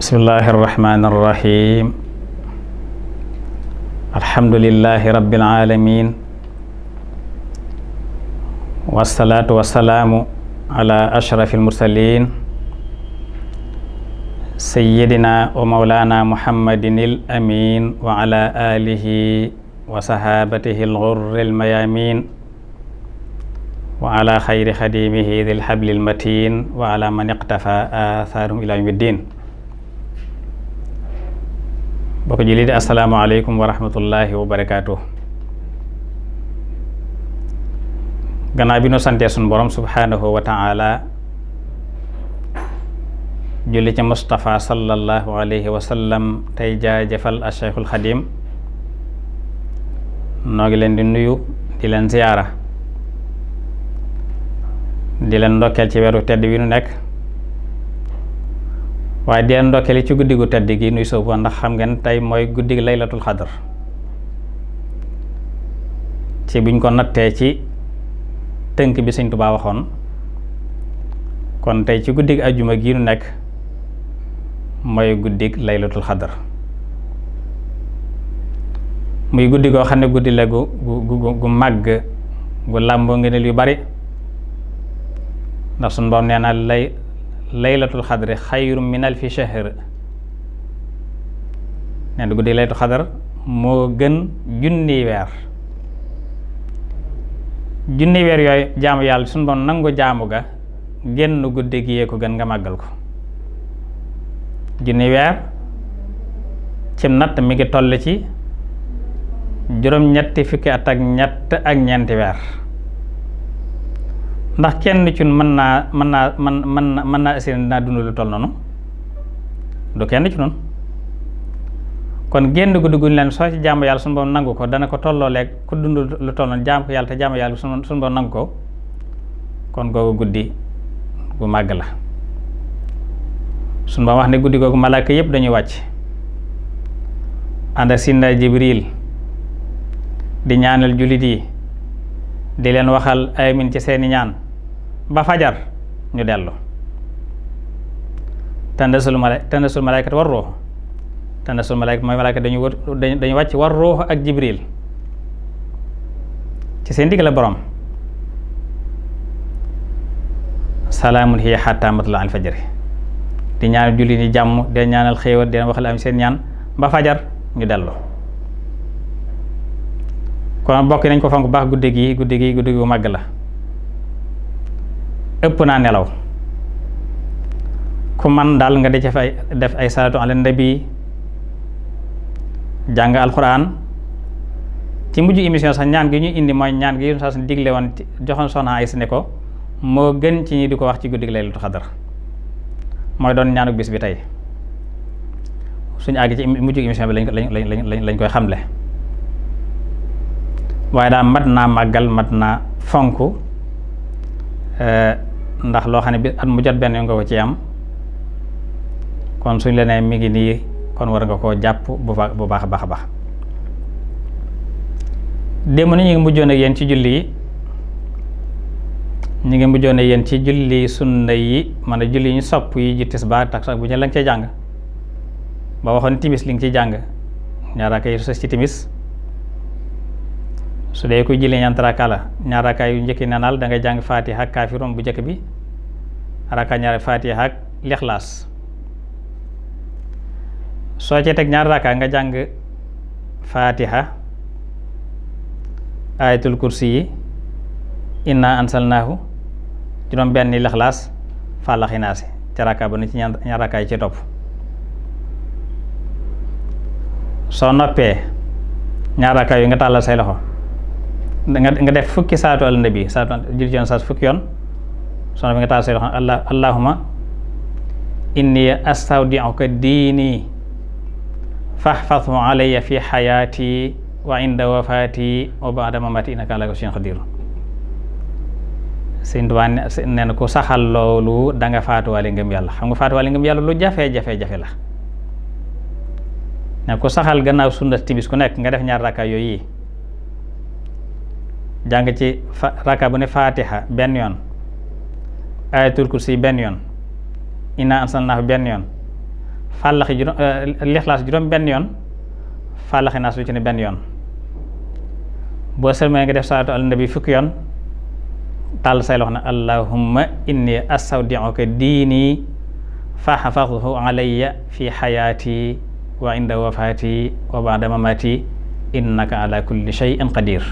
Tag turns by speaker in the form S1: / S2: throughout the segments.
S1: bismillah arrahman arrahim alhamdulilahi rabilalamin wasalaatu wasalaamu ala ashraf almursalin sayyidina wa mawlaana muhammadinil amiin wa ala aalihi wa sahaabatihi al-ghurril mayaamiin wa ala xayri xadiimihi dil hablil matiin wa ala man iqtafa aathaarahum ilaa yawmi ddiin bokk jullit yi assalaamu aleykum wa rahmatullaahi wa barakaatuh gannaaw bi nu santee sunu borom subhaanahu wa ta'ala julli ci Moustapha sallallahu alayhi wa sallam tey jaajëfal a Cheikhul Xadim noo ngi leen di nuyu di leen ziyaara di leen ndokkeel ci weeru tedd wi nu nekk waaye di leen ndokkeel ci guddi gu tedd gi nuy soobu ndax xam ngeen tey mooy guddi laylatul xadar ci buñ ko nattee ci tënk bi Sëñ Tuubaa waxoon kon tey ci guddi ajjuma gi nu nekk mooy guddik laylatul xadar muy guddi goo xam ne guddi la gu gu gu màgg gu làmboo ngëneel yu bari ndax sunu Boroom nee na lay laylatul xadri xayru min alfi shahr nee na guddi laylatul xadar moo gën junni weer junni weer yooyu jaamu yàlla sunu Boroom nangu jaamu ga génn guddi gi yee ko gën nga màggal ko junni weer cim natt mi ngi toll ci juróom ñetti fukki at ak ñett ak ñeenti weer ndax kenn cun mën naa mën naa mën mën na mën naa assuré dinaa dund lu toll noonu du kenn ci noonu kon génn gu dugg leen soo ci jaamu yàlla sunu boom nangu ko dana ko tolloo leeg ku dund lu toll noonu ko yàlla te jaamu yàlla sunu boom nangu ko kon googu guddi bu màgg la suñu ba wax ne guddi googu malaaka yépp dañuy wàcc ànd ak sinda jibril di ñaanal jullit yi di leen waxal amin ci seeni ñaan ba fajar ñu dellu tandasul mala tandasul malaaykatu war ruux tandasul malaayka mooy malaayka dañu wër dañu wàcc war ruux ak jibril ci seen digg la borom salaamun hiya xataa matla'il fajri di ñaanal julli ni jàmm di ñaanal xéewal di waxal am seen ñaan ba fajar ñu dellu kon bokk nañ ko fonk baax guddi gi guddi gi guddi gu màgg la ëpp naa nelaw ku man daal nga def ay def ay salaatu ala nabi jàng alxuraan ci mujj émission sax ñaan gi ñu indi mooy ñaan gi yu sax digle woon joxoon soxna ay si ne ko moo gën ci ñi di ko wax ci guddi gi laylatul xadar mooy doon ñaanuk bis bi tey suñu àgg ci mujj émission bi lañ lañ lañ lañ koy xamle waaye daa mat naa màggal mat naa fonk eh, ndax loo xam ne bi at mu jot benn nga ko ci am kon suñ la mi ngi nii kon war nga koo jàpp bu baax baax a baax a baax démb ni ñu ngi mujjoon ak yéen ci julli yi ñu ngi mujjoone yéen ci julli sunna yi man a julli ñu sopp yi ji tisbaar takkusaan bu ñu la nga jàng ba waxoon timis li nga ciy jàng ñaar rakaa yu sës ci timis su dee kuy julli ñeent rakaa la ñaar rakaa yu njëkk nanaal da ngay jàng faatiha ak kaafiruun bu njëkk bi rakaa ñaar ak lixlaas soo ci teg ñaar rakaa nga jàng faatiha ayatul kursi yi inna ansalnaahu juróom benn lixlaas fàllaxi naasi ca rakka bu ne ci ñaar soo noppee ñaar nga tàllal say loxo nga def fukki saatu al nabi saatu jul ci yoon saat fukki yoon soo noppee nga fi xayaati wa inda wafaati wa ba'da mamati innaka ala kulli shay'in Sëñ Tuubaa nee ku saxal loolu da nga faatuwaale yàlla xam nga faatuwaale ngëm yàlla lu jafe-jafe-jafe la ne ku saxal gannaaw sunna timis ku nekk nga def ñaar rakka yooyu yi jàng ci rakka bu ne faatiha benn yoon ayatul si benn yoon inna ansalnaahu benn yoon fàllaxi juróom eh, lixlaas juróom benn yoon fàllaxi naas lu ci ne benn yoon boo sëlmee nga def salaatu ala nabi fukki yoon tàll say loxo ne allahumma inni astawdiuka diini fa xafadhu alayya fi xayaati wa inda wafaati wa baada mamaati innaka ala kulli shay'in qadir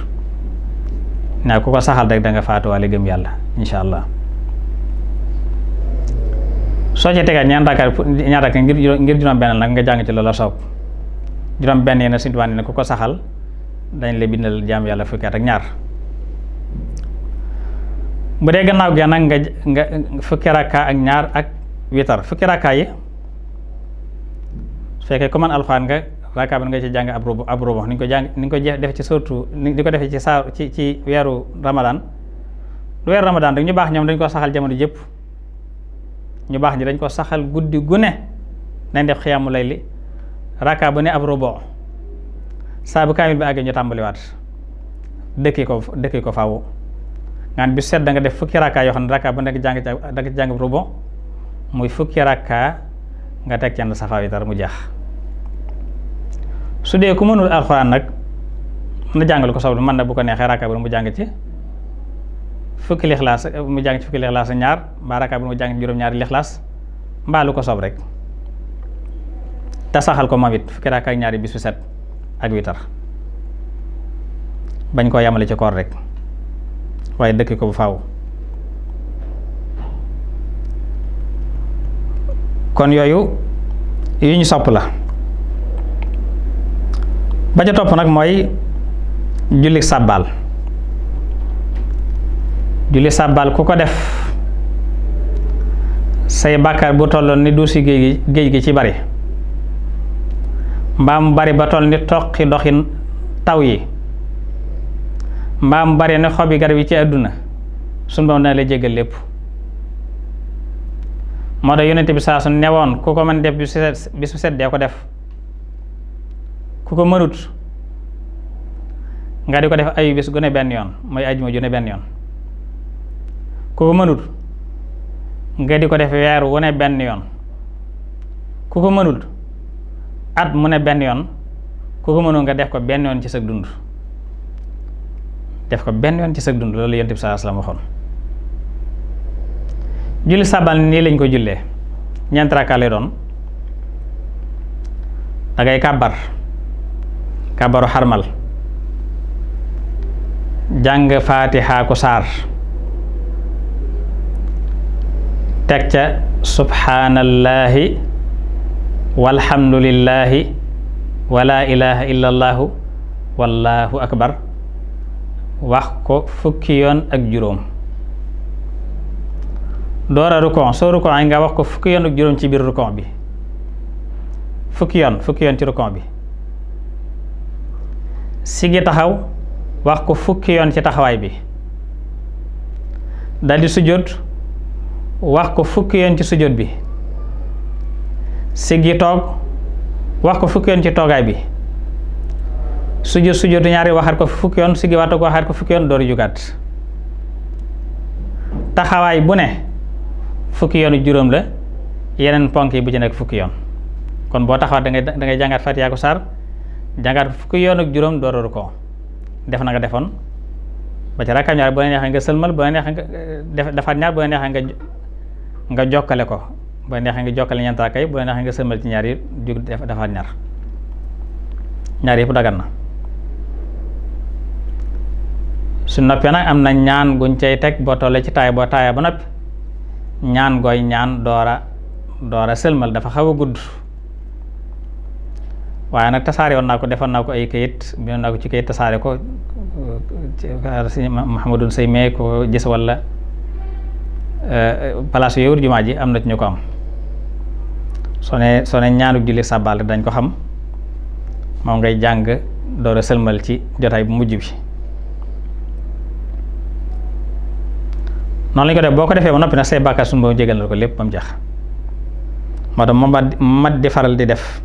S1: naa ku ko saxal rek da nga faatuwaale gëm yàlla incha allah soo ci tegaat ñaan rakaa ñaan rakaa ngir juróom benn nag jàng ko saxal dañ la bindal jaam yàlla fukki ñaar bu dee gannaaw gi nag nga nga fukki rakka ak ñaar ak witar fukki rakka yi fekkee ko man alxuraan nga rakka bi nga ci jàng ab rubu ab rubu ni ñu ko jàng ni ñu ko def ci surtout ni ko defee ci saa ci ci weeru ramadan lu weeru ramadan rek ñu baax ñoom dañ ko saxal jamono jëpp ñu baax ñi dañ ko saxal guddi gu ne nañ def xiyaamu layli rakka bu ne ab rubu saa bu kaamil bi àggee ñu tàmbaliwaat dëkki ko dëkki ko faawu nga xam bi seet nga def fukki rakka yoo xam ne rakka bu nekk jàng ca da nga jàng rubon muy fukki rakka nga teg kenn ànd safa witar mu jeex su dee ku mënul alxuraan nag na jàngal ko soobul mën na bu ko neexee rakka mu jàng ci fukki lixlaas mu jàng ci fukki lixlaas ñaar mbaa rakka bu mu jàng ci juróom-ñaari lixlaas mbaa lu ko soob rek te saxal ko moom it fukki rakka ak ñaari bisu set ak witar bañ koo yamale ci koor rek waaye dëkk ko bu faw kon yooyu yu ñu sopp la ba ca topp nag mooy julli sàbbaal julli sàbbaal ku ko def say bàkkaar bu tolloon ni duusi géej gi géej gi ci bari mbaam bari ba toll ni toqi doxin taw yi mbaam mu bare na xobi garab yi ci àdduna suñ boom dana la jeg lépp moo tax yonent bi saa su newoon ku ko mën def bisu set ko def ku ko mënut nga di ko def ayu bis benn yoon mooy ajuma june benn yoon ku ko nga di ko def weer wu ne benn yoon ku ko mënul at mu ne benn yoon ku ko mënul nga def ko benn yoon ci sa dund def ko benn yoon ci sag dund loolu yonent bi sallallahu waxoon julli saabaan nii lañ ko jullee ñeent rakaa lay doon dangay kàbbar kàbbaru xarmal jàng faatiha ko saar teg ca subhaanallaahi walhamdulillaahi wa laa ilaaha illallaahu wallaahu akbar wax ko fukki yoon ak juróom door a rukon soo rukon ay nga wax ko fukki yoon ak juróom ci biir rukon bi fukki yoon fukki yoon ci rukon bi sigi taxaw wax ko fukki yoon ci taxawaay bi daldi sujjóot wax ko fukki yoon ci sujjóot bi sigi toog wax ko fukki yoon ci toogaay bi sujjóot sujjóotu ñaari waxaat ko fukki yoon siggi waat ko waxaat ko fukki yoon door jugaat taxawaay bu ne fukki yoonu juróom la yeneen ponk yi bu ci nekk fukki yoon kon boo taxawaat da ngay da ngay jàngat Fatiha ko sar jàngat fukki yoon ak juróom door rukkoo def na nga defoon ba ci rakkaam ñaar bu la neexee nga sëlmal bu la neexee nga def defaat ñaar bu ne neexee nga nga jokkale ko bu la nga jokkale ñeent rakaa yi bu la neexee nga sëlmal ci ñaar yi jug defaat ñaar ñaar yëpp dagan na su noppee nag am na ñaan guñ cay teg boo tollee ci taay boo taaya ba noppi ñaan gooy ñaan doora doora sëlmal dafa xaw a gudd waaye nag tasaare woon naa ko defoon naa ko ay kayit bindoon naa ko ci kayit tasaare ko si euh, Mahamadou Sey mee ko gis walla euh, palaas yu wër jumaa ji am na ci ñu ko am soo ne soo ne ñaanu julli sàbbaal dañ ko xam moom ngay jàng doora sëlmal ci jotaay bu mujj bi noonu lañ ko def boo ko defee ba noppi nag say bàkkaar suñu boobu jégal na ko lépp ba mu jeex moo tax ma mat di faral di def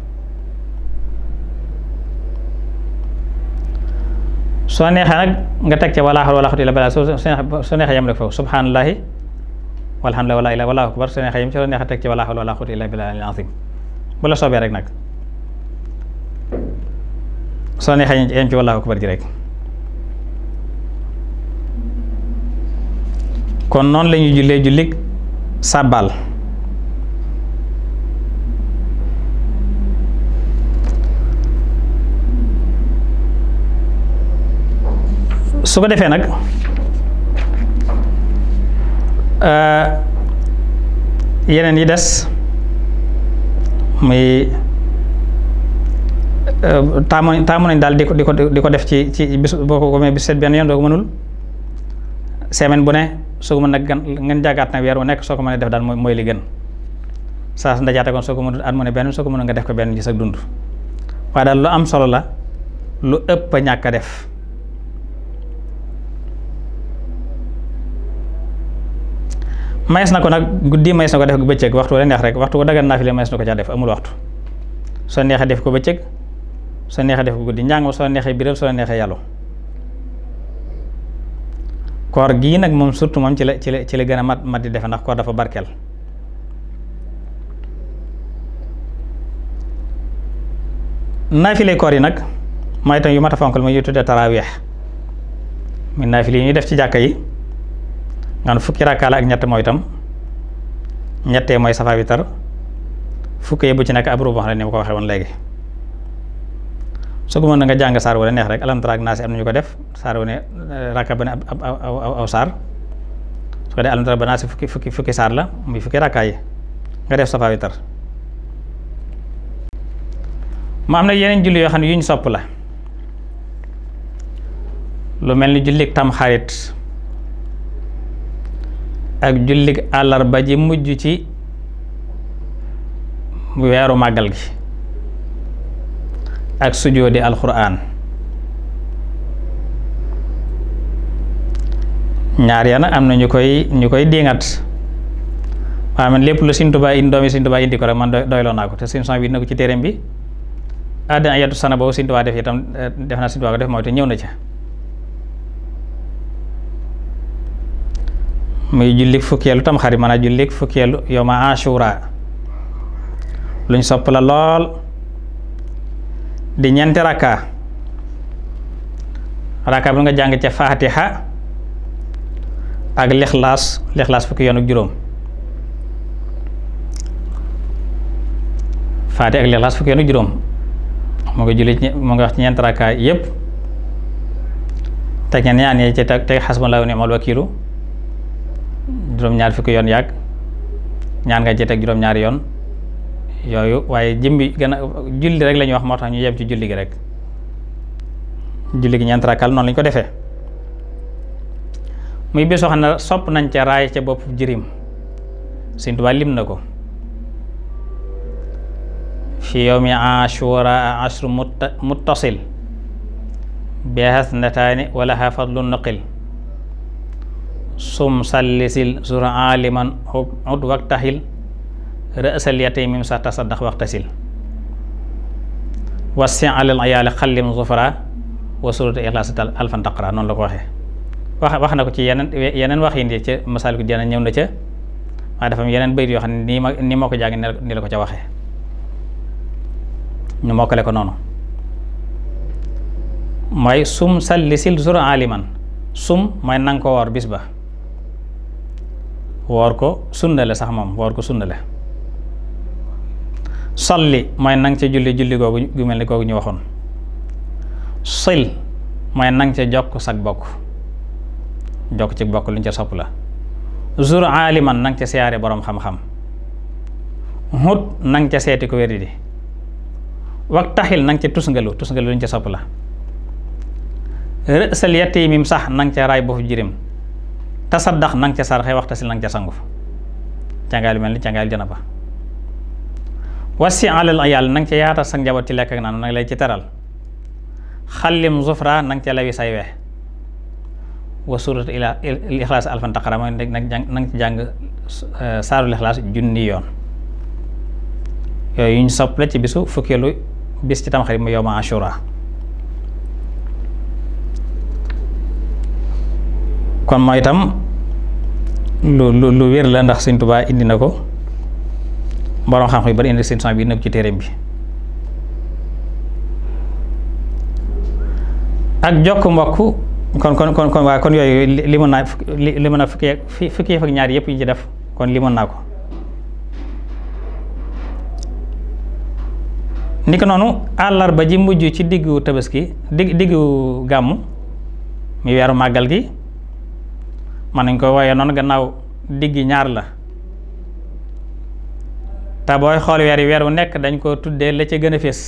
S1: soo neexee nag nga teg ca wala hawla wala quwwata illa billah soo soo neexee yem rek foofu subhanallahi walhamdulillahi wala ilaha wallahu akbar soo neexee yem ci soo neexee teg ca wala hawla wala quwwata illa billahi bu la soobee rek nag soo neexee yem ci wallahu akbar ji rek kon noonu la ñuy jullee jullig sàbbal su ko defee nag euh, yeneen yi des muy euh, taamu taamu nañ daal di ko di ko di ko def ci ci bis boo ko gomee bis seet benn yoon doo ko mënul semaine bu ne soo ko mën nag gan ngeen jàggaat na weer wu nekk soo ko mënee def daal mooy li gën saa su ndajaate kon soo ko mën at mu ne benn soo ko mën nga def ko benn ci sa dund waaye am solo la lu ëpp a ñàkk def mayees na nag guddi mayees na ko def ko bëccëg waxtu wala neex rek waxtu ko dagan naafile mayees na ko caa def amul waxtu soo neexee def ko bëccëg soo neexee def ko guddi njàng soo neexee biral soo neexee yàllu koor gii nag moom surtout moom ci la ci la ci la gën a mat mat di defe ndax koor dafa barkeel naafile koor yi nag mooy itam yu mat a fonkal mooy yu tuddee taraawiix muy naafile yi ñuy def ci jàkka yi nga fukki rakkaa ak ñett mooy itam ñettee mooy safa witar fukki bu ci nekk ab rubax ne ni ma ko waxee woon léegi su ko mën na nga jàng saar wala neex rek alam tara ak naas am nañu ko def saar wu ne eh, rakka ba ne ab aw saar su ko dee alam tara ba naas fukki fukki fukki saar la muy fukki rakkaa yi nga def safa witar mu am na yeneen julli yoo xam ne yu ñu sopp la lu mel ni jullig tam xarit ak jullig àllarba ji mujj ci weeru màggal gi ak sujoodi alxuraan ñaar ya nag am na ñu koy ñu koy diŋat waaye man lépp lu Sëñ Tuubaa indi doomi Sëñ Tuubaa indi ko rek man doyloo naa te Sëñ Son bi dina ko ci téereem bi àddina yatu sana boobu Sëñ Tuubaa def itam eh, def naa Sëñ def mooy te ñëw na ca muy jullik fukkeelu tam xarit maanaam jullik fukkeelu yow ma Ashura luñ sopp la lool di ñeenti rakka rakka bu nga jàng ca faatiha ak lixlaas lixlaas fukki yoon ak juróom faatiha ak lixlaas fukki yoon ak juróom moo ngi julli moo ngi wax ci ñeenti rakka yépp teg ña ñaan yi ci teg teg xasbunallaahu wa ni'mal wakiilu juróom-ñaar fukki yoon yàgg ñaan nga ci teg juróom-ñaari yoon yooyu waaye jëmbi gën a julli rek la wax moo tax ñu yem ci julli gi rek julli gi ñeent noonu lañ ko defee muy bés xam ne sopp nañ ca raay ca bopp jirim Sëñ Tuubaa lim na ko fi yawmi ashura ashru muttasil beexas ndataani wala xa fadlu nuqil sum sallisil sura aliman ud waktaxil rësal yatay mim sa tasaddax waxtasil wassin alal ayaali xallim zufara wa suratu ixlaas alfan taqra noonu la ko waxee wax wax na ko ci yeneen wax yi ca masal ko dina ñëw na ca waaye dafa yoo xam ne nii ma nii ma ko jàng ni la ko ca waxee ñu mokkale ko noonu may sum salli sil zur aliman sum mooy nanga ko woor bis ba woor ko sunna la sax moom woor ko sunna salli mooy nang ca julli julli googu gu mel ni googu ñu waxoon sil mooy nang ca jokk sag bokk jokk ci bokk lu ñu ca sopp la zur aaliman nang ca siyaare boroom xam-xam hut nang ca seeti ku wér di wax taxil nang ca tusngalu tusngalu lu ñu ca sopp la rësal yatiimim sax nang ca raay bu fu jirim tasaddax nang ca sarxe waxta si nang ca sangu fa càngaay lu mel ni càngaay lu janaba wasi alal ayal na nga ca yaatal sa njaboot ci lekk ak naan na nga lay ci teral xallim zufra na nga ca lawi say weex wa surat ila ixlaas alfan taqara ci jàng eh, saarul ixlaas junni yoon yooyu ñu soppale ci bisu fukkeelu bis ci tamxarit mu yow ma kon mooy itam lu lu lu wér la ndax Sëñ Tuubaa indi na ko borom xam-xam yu bari indi seen bi nëb ci téereem bi ak jokk mbokk kon kon kon kon waaye kon yooyu li mën naa li mën naa fukki fukki ak ñaar yëpp yu ci def kon li mën naa ko ni ko noonu àllarba ji mujj ci diggu tabaski digg diggu gàmmu mi weeru màggal gi mën nañ ko waaye noonu gannaaw digg ñaar la te booy xool weer yi weer wu nekk dañ ko tuddee la ca gën a fés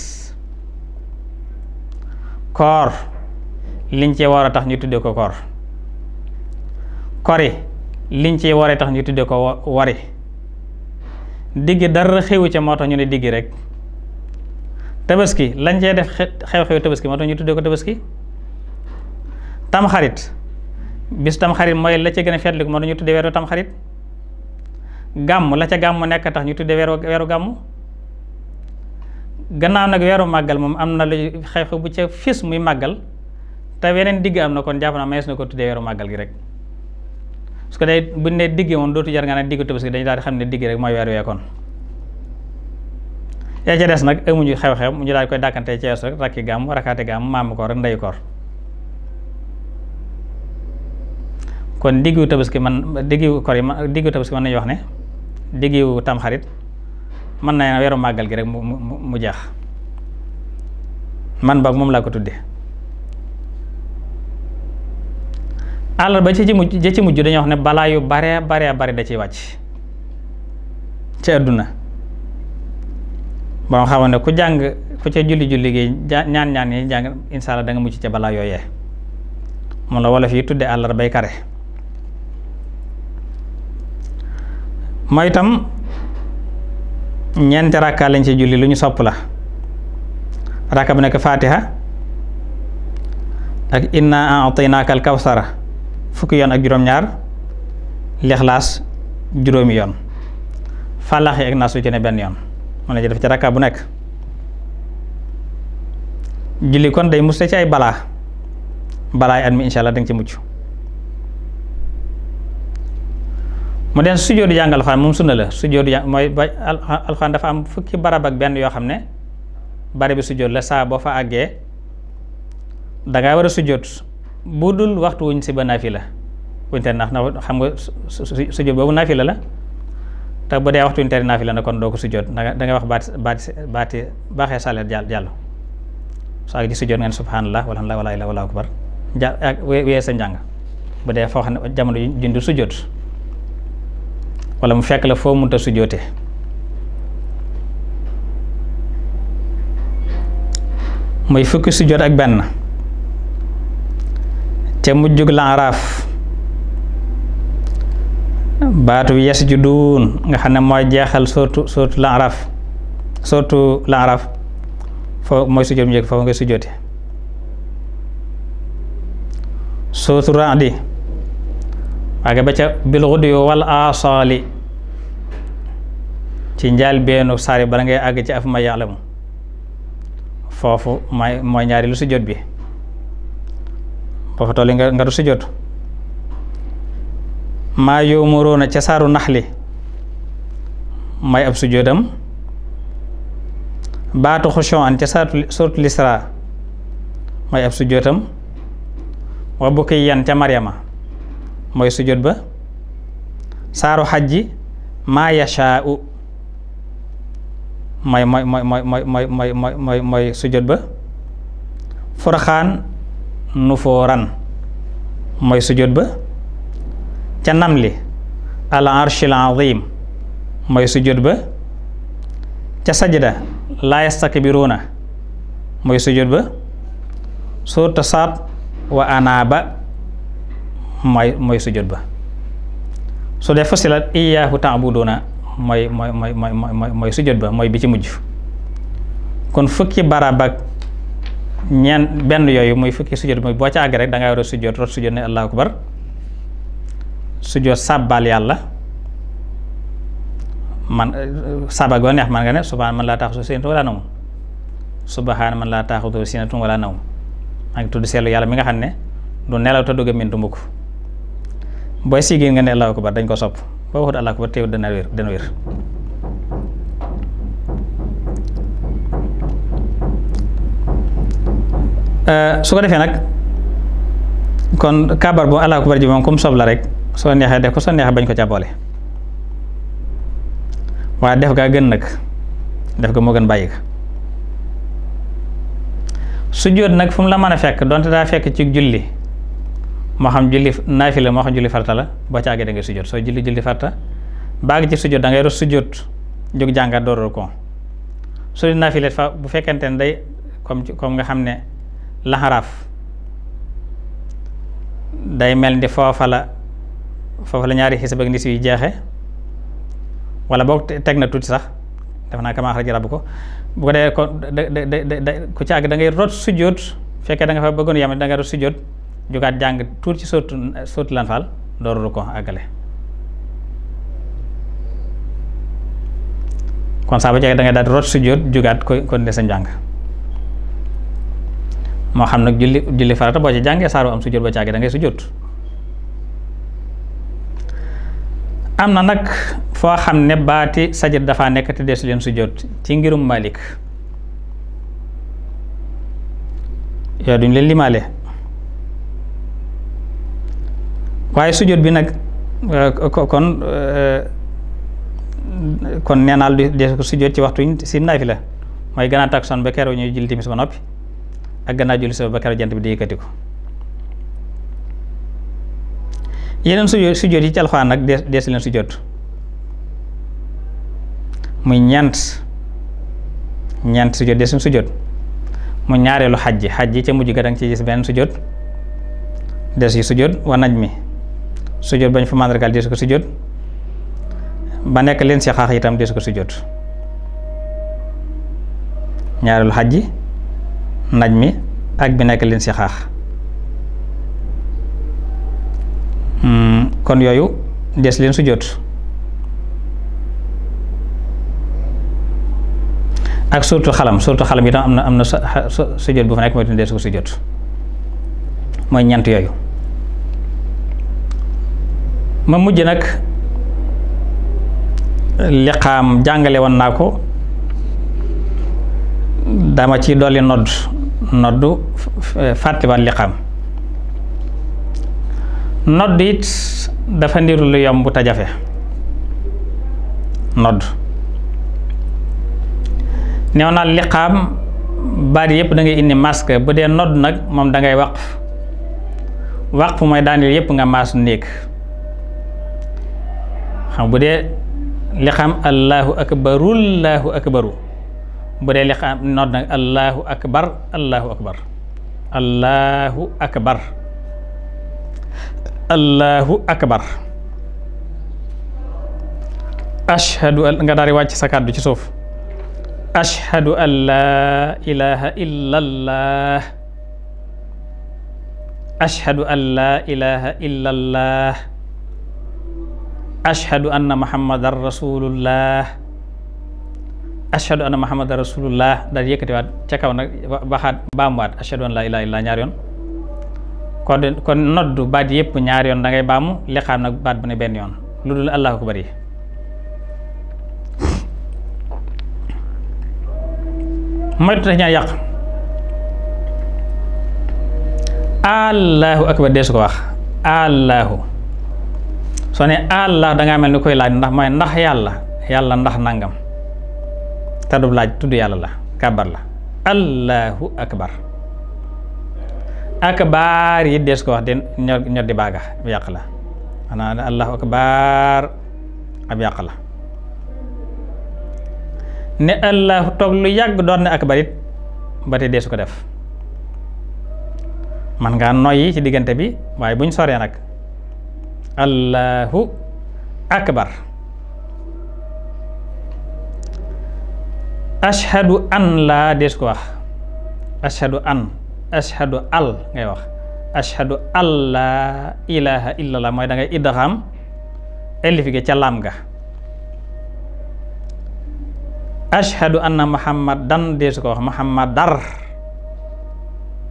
S1: koor liñ ci war a tax ñu tuddee ko koor kori liñ ci waree tax ñu tuddee ko wari diggi dara xewu ca moo tax ñu ne diggi rek tabaski lañ cee def xew-xew tabaski moo tax ñu tuddee ko tabaski tamxarit bis tamxarit mooy la ca gën a feetliku moo tax ñu tuddee weeru tamxarit gàmm la ca gàmm nekk tax ñu tuddee weeru weeru gàmm gannaaw nag weeru màggal moom am na lu xew bu ca fis muy màggal te weneen digg am na kon jàpp naa mayees na ko tuddee weeru màggal gi rek parce que day bu ñu nee digg moom dootu jar nga ne digg Tabaski dañu daal di xam ne digg rek mooy weer wee kon yaa ca des nag amuñu xew-xew mu ñu daal koy dàkkante ci yees rek rakki gàmm rakkaati gàmm maamu koor rek ndeyu koor kon diggu Tabaski man diggu koor yi ma Tabaski mën nañu wax ne diggu tamxarit mën na weeru màggal gi rek mu mu mu jeex man boog moom laa ko tudde àllarba ci ci mujj ja ci mujj dañuy wax ne balaa yu bare bare bare da ciy wàcc ci àdduna ba nga xamoon ne ku jàng ku ca julli julli gi ñaan ñaan yi jàng incha allah da nga mucc ca balaa yooyee moom la wolof yi tudde àllarbay kare mooy itam ñeenti rakka lañ ci julli lu ñu sopp la rakka bu nekk faatiha ak inna a'taynaaka al kawsara fukki yoon ak juróom-ñaar lixlaas juróomi yoon fàllaxi ak naasu ci ne benn yoon mën na ci def ci rakka bu nekk julli kon day muste ci ay balaa balaa at mi incha allah danga ci mucc mu den sujjóotu jàng alxuraan moom sunna la sujjóotu jàng mooy ba alxuraan dafa am fukki barab ak benn yoo xam ne bari bi sujjóot la saa boo fa àggee dangay war a sujjóot bu dul waxtu wuñ si ba naafi naafila wuñ tere ndax xam nga sujjóot boobu naafila la la te bu dee waxtu wuñ naafi la na kon doo ko sujjóot danga danga wax baati baati baati baaxee saleet jàll jàll soo ak di sujjóot ngeen subhanallah walhamdulillah wala ilaha wala akbar ja ak wee sa njàng bu dee foo xam ne jamono juñ du sujjóot wala mu fekk la foo munta sujoote muy fukki sujoot ak benn ca mujjug laaraaf baatu yasjuduun nga xam ne mooy jeexal sootu sootu laaraaf sootu laaraaf foo mooy sujoot mu njëkk foofu nga sujoote sootu raadi waaye ba ca bil xuduyu wal asaali ci njaal beenu saari bala ngay àgg ci af ma yàllamu foofu may mooy ñaari lu sujjóot bi boo fa tolli nga nga sujjóot maa yoomuroona ca saaru naxli may ab sujjóotam baatu xushuan ca saatu suratul isra may ab sujjóotam wa bukkiyan ca maryama mooy sujjóot ba saaru xajji maa yashaa'u mooy mooy mooy mooy mooy ba furxaan nufooran mooy sujjóot ba ca namli al arshil azim mooy sujjóot ba ca sajda laa yastakbiruuna mooy sujjóot ba suurta saat wa anaaba mooy mooy sujjóot ba su dee fusilat iyaahu taabuduuna mooy mooy mooy mooy mooy sujjóot ba mooy bi ci mujj kon fukki barab ak ñeent benn yooyu muy fukki sujjóot mooy boo ca àgg rek da ngaa war a sujjóot rot sujjóot ne allahu akbar sujjóot sàbbaal yàlla man sàbba goo neex man nga ne subhaana man laa taaxudu sinatun wala nawm man laa taaxudu sinatun wala nawm maa tudd seetlu yàlla mi nga xam ne du nelaw te du gëmmintu mukk booy siggi nga ne allahu akbar dañ ko sopp boo waxut allahu akbar teewul dana wér dana wér euh, su ko defee nag kon kabar bu allahu akbar ji moom kum sob la rek soo neexee def ko soo neexee bañ ko ca boole waaye def gaa gën nag def ko moo gën bàyyi ko sujjóot nag fu mu la mën a fekk donte daa fekk ci julli moo xam julli naafila moo xam julli farta la boo ci àggee da ngay sujjóot soo julli julli farta baag ci sujjóot dangay ngay ros sujjóot jóg jàngat dooroo ko su dee bu fekkente ne day comme comme nga xam ne laxaraaf day mel ni foofa la la ñaari xisab ak ndis yu jeexe wala boog teg na tuuti sax def naa kamaa xaraja rabbuka bu ko defee ko da da da ku ci àgg da ngay rot sujjóot fekkee da nga fa bëggoon yam da nga rot sujjóot jógaat jàng tuut ci sóotu sóotu lanfaal door ru ko àggale kon saa ba jege da ngay daal root sujjóot jógaat ko kon de njàng moo xam nag julli julli farata boo ci jàngee saaru am sujjóot ba caagi da ngay sujjóot am na nag foo xam ne baati sajid dafa nekk te deesu leen sujjóot ci ngirum Malik yooyu duñ leen limaale waaye sujjóot bi nag euh, kon euh, kon neenaal di des ko sujjóot ci waxtu yi si naafila mooy gannaaw takkusaan ba keroog ñuy julli timis ba noppi ak gannaaw julli suba ba keroog jant bi di yëkkati ko yeneen sujjóot sujjóot yi ci alxuraan nag des des leen sujjóot muy ñeent ñeent sujjóot des leen sujjóot mu ñaareelu xaj ji xaj ji ca mujj ga ci benn sujjóot des yi sujjóot wa naj mi sujjóot bañ fa màndargaal dees ko sujjóot ba nekk leen si xaax itam dees ko sujjóot ñaareelu xaj ji naj mi ak bi nekk leen si xaax hmm, kon yooyu dees leen sujjóot ak suurtu xalam suurtu xalam itam am na am na sujjóot bu fa nekk mooy itam dees ko sujjóot mooy ñeent yooyu ma mujj nag liqaam jàngale woon naa ko dama ci dolli nodd nodd fàttaliwaat liqaam nodd it dafa niru lu yomb te jafe nodd neew naa liqaam baat yëpp da indi masque bu dee nodd nag moom da ngay wax waqf mooy daaneel yëpp nga maas néeg xam bu dee liqaam allahu akbarullaahu akbaru bu dee liqaam nodd nag allahu akbar allahu akbar allahu akbar allahu akbar ashhadu nga daal di wàcc sa kàddu ci suuf ashhadu an laa ilaha illallah ashhadu an laa ilaha illallah ashhadu anna muhammadan rasulullah ashhadu anna muhammadan rasulullah daal yëkkatiwaat ca kaw nag baxaat baamuwaat ashhadu an laa ilaaha illallaah ñaari yoon noddu baat yëpp ñaari yoon baamu liqaam nag baat bu ne lu dul allahu akbar yi moytu tax ñaa allahu akbar dee su wax soo ne allah dangaa mel ni koy laaj ndax mooy ndax yàlla yàlla ndax nangam te du laaj tudd yàlla la kàbbar la allahu akbar ab yàq la xanaa yàq la ne allahu toog lu yàgg doon ne akbar it ba tey deesu ko def man ngaa noyyi ci diggante bi waaye buñ soree nag allahu akbar ashhadu an laa dees ko wax ashhadu an ashhadu al ngay wax ashhadu alla ilaha illallah mooy da ngay idgham gi ca lam ga ashhadu anna muhammadan dees ko wax muhammadar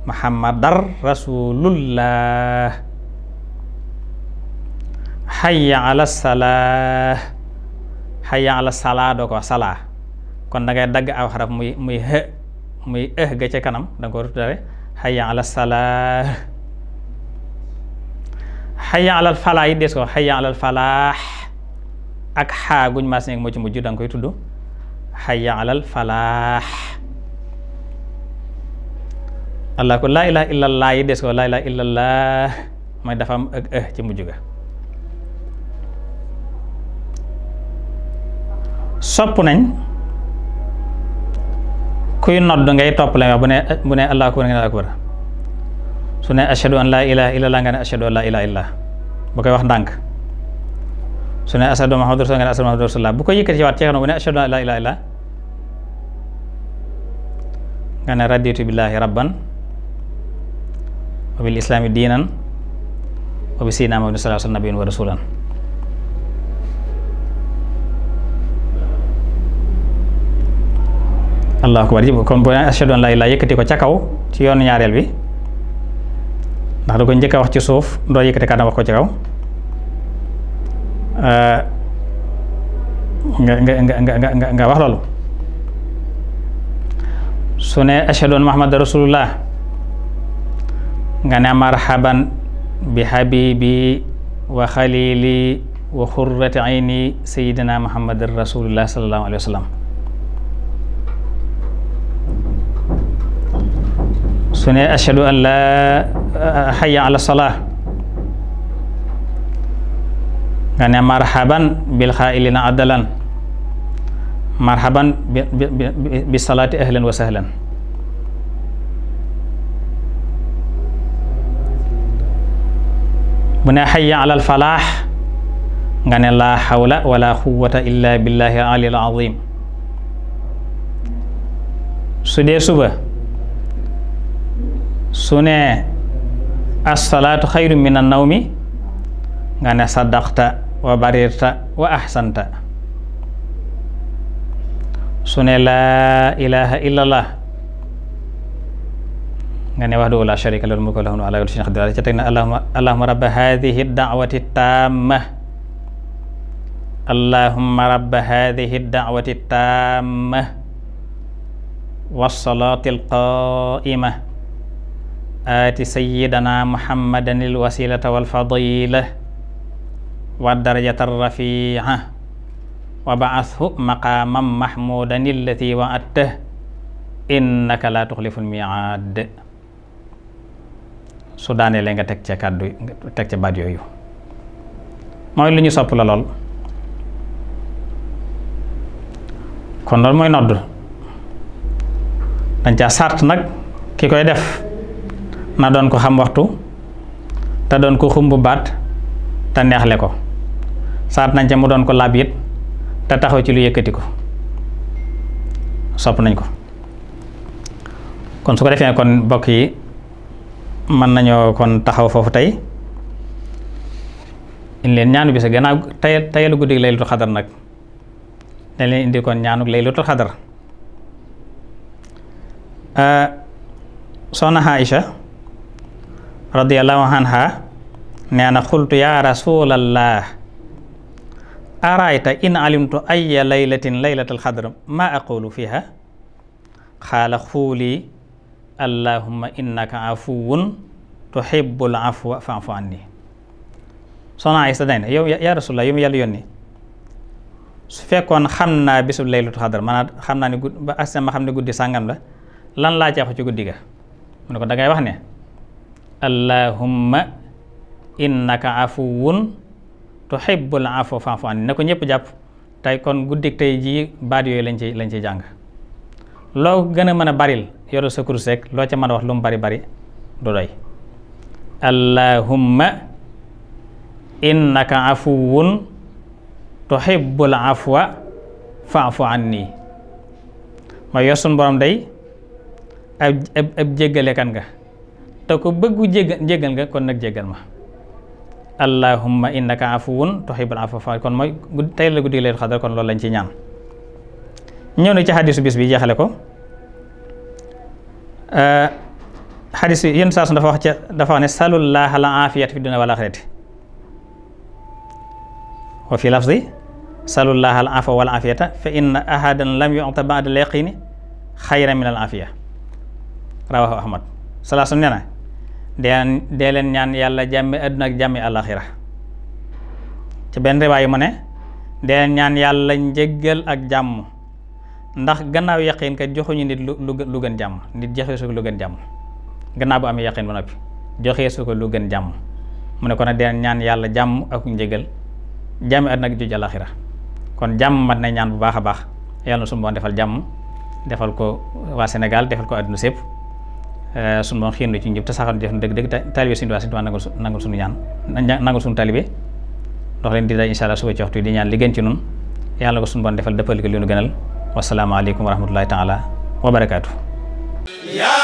S1: muhammadar rasulullah hayya ala salaa hayya ala salaa doo ko salaa kon da dagg aw xaraf muy muy xë muy ëh ga kanam da nga ko tuddee hayya ala salaa hayya ala falaa yi des ko hayya ala falaax ak xaaguñ guñ maas nekk moo ci mujj danga nga koy tudd hayya ala falaax allah ko laa ilaha illallah yi des ko laa dafa am ëh ci mujj ga sopp nañ kuy nodd ngay toppale ma bu ne bu akbar nga ne akbar su ne ashhadu an laa ilaha illallah bu koy wax ndànk su ne ashhadu muhammadu rasulullah nga ne bu koy yëkkati ci waat ceexno bu ne ashhadu an laa ilaha illallah nga ne raditu billahi rabban wa bil islami diinan wa bi sayyidina muhammadin sallallahu alayhi wa sallam nabiyyan wa rasulan allahu akbar ji kon bu ashhadu an laa ilaaha ko ca kaw ci ñaareel bi ndax da ko njëkk a wax ci suuf doo yëkkati kàddu wax ko ci nga nga nga nga marhaban bi habibi wa xalili wa xurrati ayni sayidina muhammadan rasulullah sallallahu alayhi wa sallam su ne ashadu an la eh, hayya ala salaa nga ne marhaban bil xaa'ilina adalan marhaban bi bi salaati ahlan wa sahlan bu ne hayya ala al falaax nga ne laa xawla wala quwwata illa billahi alil azim su dee suba su ne assalaatu xayru min an nawmi nga ne saddaqta wa barirta wa ahsanta su ne laa ilaha illallah nga ne wahdahu laa sharika lahu mulku wa lahu ala kulli shay'in qadir ca teg na allahumma allahumma rabba hadhihi ad-da'wati tamma allahumma rabba hadhihi ad-da'wati tamma was-salati al-qa'imah aati sayyidana muhammadan il wasilata wal fadila wa darajata rafiica wa bacathu maqaaman mahmuudan allati wa'adtahu innaka laa tuxlifu l-miicaad su daanee nga teg ca kàddu yooyu mooy lu ñu sopp la lool kon loolu mooy nodd dañ caa nag ki koy def na doon ko xam waxtu te doon ko xumb baat te neexle ko saat nañ ca mu doon ko laab it te taxaw ci lu yëkkati ko sopp nañ ko kon su ko defee kon bokk yi mën nañoo kon taxaw foofu tey in leen ñaanu bisa gannaaw tey teyalu guddi laylatul xadar nag dañ leen indi kon ñaanu laylatul xadar soxna Aïcha radiallahu anha nee na xultu yaa rasulallah araayta in alimtu aya laylatin laylatal xadr ma aqulu fiha xaala xuuli allahumma innaka afuwun tuhibbul afwa fa'fu anni soxna Aysa day na yow yaa rasulallah yow yàlla yónni su fekkoon xam naa bisu laylatul xadr maanaam xam naa ne guddi ba asama xam la laa allahumma innaka afuwun tuhibbul afwa fa'fu anni na ko ñëpp jàpp tey kon guddik tey jii baat yooyu lañ ci lañ ciy jàng loo gën a mën a baril yoru sa kurus loo ca man a wax lu mu bari bari du doy allahumma innaka afuwun tuhibbul afwa fa'fu anni ma yosun borom day ab ab ab jéggalekan nga te ko bëggu jéggal nga kon nag jéggal ma allahumma innaka afuwun tuhibbul afwa fa kon mooy tey la guddi leen xadar kon loolu lañ ci ñaan ñëw na ci xadisu bis bi jeexale ko xadis yi saa su dafa wax ca dafa wax ne salullaha la afiyat fi dunya wal axirati wa fi lafzi salullaha al afwa wal afiyata fa inna ahadan lam yu'ta ba'da al yaqini xayra min al afiya rawahu ahmad salaasu nee dee leen ñaan yàlla jàmmi àdduna ak jàmmi àllaaxira ci benn riwaay ma ne dee leen ñaan yàlla njëggal ak jàmm ndax gannaaw yaqin kat joxuñu nit lu lu gën jàmm nit joxee su ko lu gën jàmm gannaaw bu amee yaqin ba noppi joxe su ko lu gën jàmm mu ne kon nag dee leen ñaan yàlla jàmm ak njëggal jàmmi àdduna ak juj àllaaxira kon jàmm mat na ñaan bu baax a baax yàlla na suñu defal jàmm defal ko waa Sénégal defal ko àdduna sépp Eh, suñu moom xiin ci njub te saxal def dëgg dëgg taalibe Sëriñ Tuubaa Sëriñ Tuubaa nangul nangul suñu ñaan nangul suñu taalibe dox leen di daje insha Allah suba ci waxtu di ñaan li gën ci nun yàlla ko suñu bon defal dëppal ko li nu gënal wasalaamaaleykum wa rahmatullahi taala wa